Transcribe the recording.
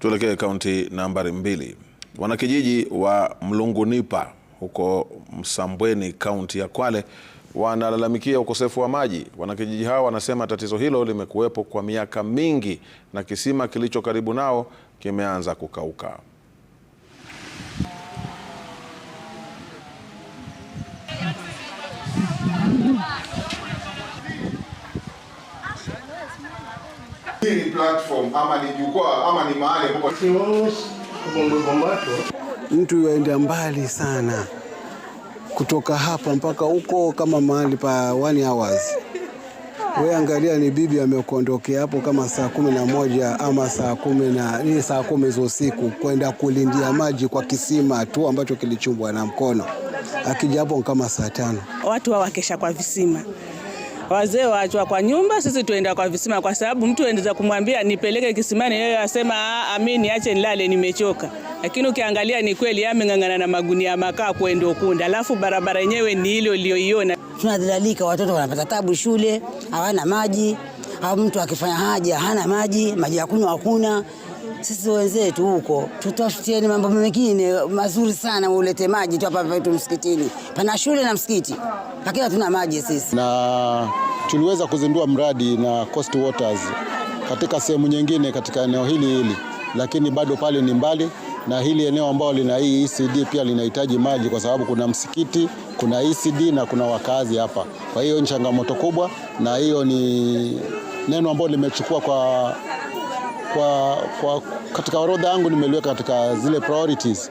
Tuelekee kaunti nambari mbili. Wanakijiji wa Mlungunipa huko Msambweni, kaunti ya Kwale wanalalamikia ukosefu wa maji. Wanakijiji hao wanasema tatizo hilo limekuwepo kwa miaka mingi na kisima kilicho karibu nao kimeanza kukauka. Hii ni platform ama ni jukwaa ama ni mahali ambapo mtu waenda mbali sana kutoka hapa mpaka huko, kama mahali pa one hours. We angalia, ni bibi amekuondokea hapo kama saa kumi na moja ama saa kumi na ni saa kumi za usiku kwenda kulindia maji kwa kisima tu ambacho kilichumbwa na mkono, akija hapo kama saa tano watu wawakesha kwa visima wazee waachwa kwa nyumba, sisi tuenda kwa visima, kwa sababu mtu endeza kumwambia nipeleke kisimani, yeye asema ami, ah, ah, niache nilale, nimechoka. Lakini ukiangalia ni kweli ameng'ang'ana na magunia ya makaa kwenda Ukunda, alafu barabara yenyewe ni ile uliyoiona. Tunadhalilika, watoto wanapata tabu shule, hawana maji, au mtu akifanya haja hana maji, maji ya kunywa hakuna sisi wenzetu huko tutafutieni mambo mengine mazuri sana, ulete maji tu hapa kwetu msikitini. Pana shule na msikiti, lakini tuna maji sisi, na tuliweza kuzindua mradi na Coast Waters katika sehemu nyingine katika eneo hili hili, lakini bado pale ni mbali na hili eneo ambalo lina hii ECD pia linahitaji maji, kwa sababu kuna msikiti, kuna ECD na kuna wakazi hapa. Kwa hiyo ni changamoto kubwa, na hiyo ni neno ambalo limechukua kwa kwa, kwa katika orodha yangu nimeliweka katika zile priorities.